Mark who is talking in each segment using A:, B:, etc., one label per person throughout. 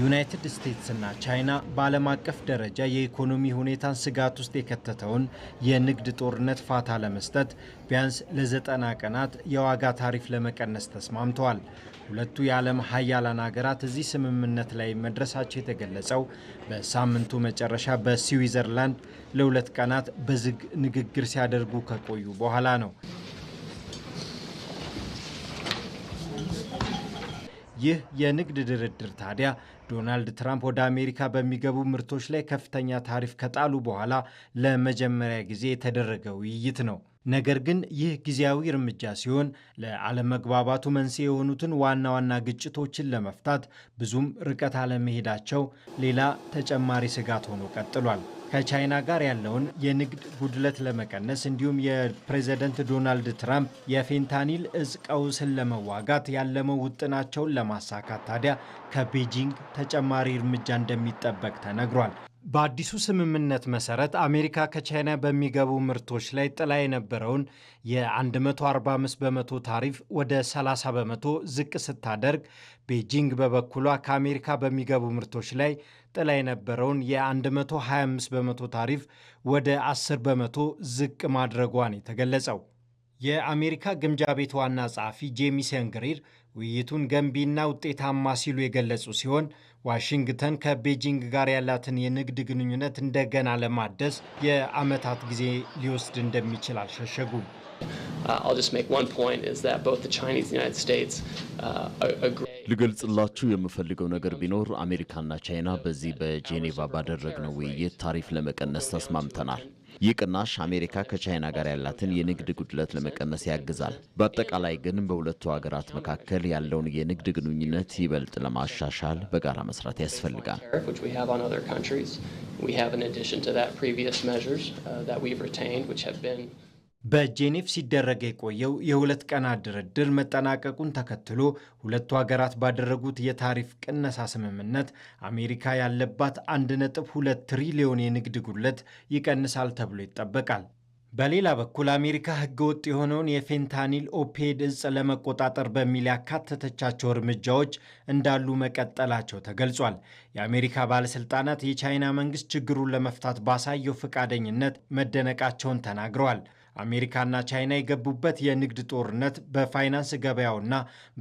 A: ዩናይትድ ስቴትስና ቻይና በዓለም አቀፍ ደረጃ የኢኮኖሚ ሁኔታን ስጋት ውስጥ የከተተውን የንግድ ጦርነት ፋታ ለመስጠት ቢያንስ ለዘጠና ቀናት የዋጋ ታሪፍ ለመቀነስ ተስማምተዋል። ሁለቱ የዓለም ሀያላን ሀገራት እዚህ ስምምነት ላይ መድረሳቸው የተገለጸው በሳምንቱ መጨረሻ በስዊዘርላንድ ለሁለት ቀናት በዝግ ንግግር ሲያደርጉ ከቆዩ በኋላ ነው። ይህ የንግድ ድርድር ታዲያ ዶናልድ ትራምፕ ወደ አሜሪካ በሚገቡ ምርቶች ላይ ከፍተኛ ታሪፍ ከጣሉ በኋላ ለመጀመሪያ ጊዜ የተደረገ ውይይት ነው። ነገር ግን ይህ ጊዜያዊ እርምጃ ሲሆን ለአለመግባባቱ መንስኤ የሆኑትን ዋና ዋና ግጭቶችን ለመፍታት ብዙም ርቀት አለመሄዳቸው ሌላ ተጨማሪ ስጋት ሆኖ ቀጥሏል። ከቻይና ጋር ያለውን የንግድ ጉድለት ለመቀነስ እንዲሁም የፕሬዝደንት ዶናልድ ትራምፕ የፌንታኒል እጽ ቀውስን ለመዋጋት ያለመው ውጥናቸውን ለማሳካት ታዲያ ከቤጂንግ ተጨማሪ እርምጃ እንደሚጠበቅ ተነግሯል። በአዲሱ ስምምነት መሰረት አሜሪካ ከቻይና በሚገቡ ምርቶች ላይ ጥላ የነበረውን የ145 በመቶ ታሪፍ ወደ 30 በመቶ ዝቅ ስታደርግ ቤጂንግ በበኩሏ ከአሜሪካ በሚገቡ ምርቶች ላይ ጥላ የነበረውን የ125 በመቶ ታሪፍ ወደ 10 በመቶ ዝቅ ማድረጓን የተገለጸው የአሜሪካ ግምጃ ቤት ዋና ጸሐፊ ጄሚሰን ግሪር ውይይቱን ገንቢና ውጤታማ ሲሉ የገለጹ ሲሆን ዋሽንግተን ከቤጂንግ ጋር ያላትን የንግድ ግንኙነት እንደገና ለማደስ የዓመታት ጊዜ ሊወስድ እንደሚችል አልሸሸጉም።
B: uh, uh,
A: ልገልጽላችሁ የምፈልገው ነገር ቢኖር አሜሪካና ቻይና በዚህ በጄኔቫ ባደረግነው ውይይት ታሪፍ ለመቀነስ ተስማምተናል። ይህ ቅናሽ አሜሪካ ከቻይና ጋር ያላትን የንግድ ጉድለት ለመቀነስ ያግዛል። በአጠቃላይ ግን በሁለቱ ሀገራት መካከል ያለውን የንግድ ግንኙነት ይበልጥ ለማሻሻል በጋራ መስራት ያስፈልጋል። we have in addition to that previous measures uh, that we've retained which have been በጄኔቭ ሲደረግ የቆየው የሁለት ቀናት ድርድር መጠናቀቁን ተከትሎ ሁለቱ ሀገራት ባደረጉት የታሪፍ ቅነሳ ስምምነት አሜሪካ ያለባት 1.2 ትሪሊዮን የንግድ ጉድለት ይቀንሳል ተብሎ ይጠበቃል። በሌላ በኩል አሜሪካ ሕገወጥ የሆነውን የፌንታኒል ኦፔድ እጽ ለመቆጣጠር በሚል ያካተተቻቸው እርምጃዎች እንዳሉ መቀጠላቸው ተገልጿል። የአሜሪካ ባለሥልጣናት የቻይና መንግሥት ችግሩን ለመፍታት ባሳየው ፈቃደኝነት መደነቃቸውን ተናግረዋል። አሜሪካና ቻይና የገቡበት የንግድ ጦርነት በፋይናንስ ገበያውና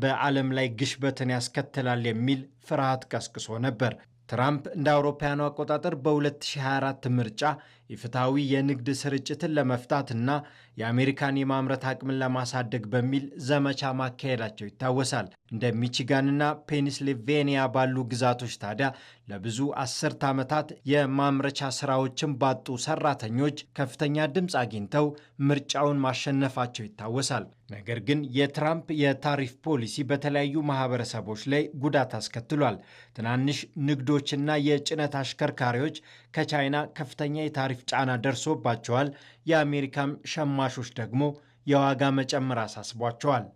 A: በዓለም ላይ ግሽበትን ያስከትላል የሚል ፍርሃት ቀስቅሶ ነበር። ትራምፕ እንደ አውሮፓውያኑ አቆጣጠር በ2024 ምርጫ የፍትሐዊ የንግድ ስርጭትን ለመፍታት እና የአሜሪካን የማምረት አቅምን ለማሳደግ በሚል ዘመቻ ማካሄዳቸው ይታወሳል። እንደ ሚቺጋንና ፔንስልቬንያ ባሉ ግዛቶች ታዲያ ለብዙ አስርት ዓመታት የማምረቻ ሥራዎችን ባጡ ሰራተኞች ከፍተኛ ድምፅ አግኝተው ምርጫውን ማሸነፋቸው ይታወሳል። ነገር ግን የትራምፕ የታሪፍ ፖሊሲ በተለያዩ ማህበረሰቦች ላይ ጉዳት አስከትሏል። ትናንሽ ንግዶችና የጭነት አሽከርካሪዎች ከቻይና ከፍተኛ የታሪፍ ጫና ደርሶባቸዋል። የአሜሪካም ሸማቾች ደግሞ የዋጋ መጨመር አሳስቧቸዋል።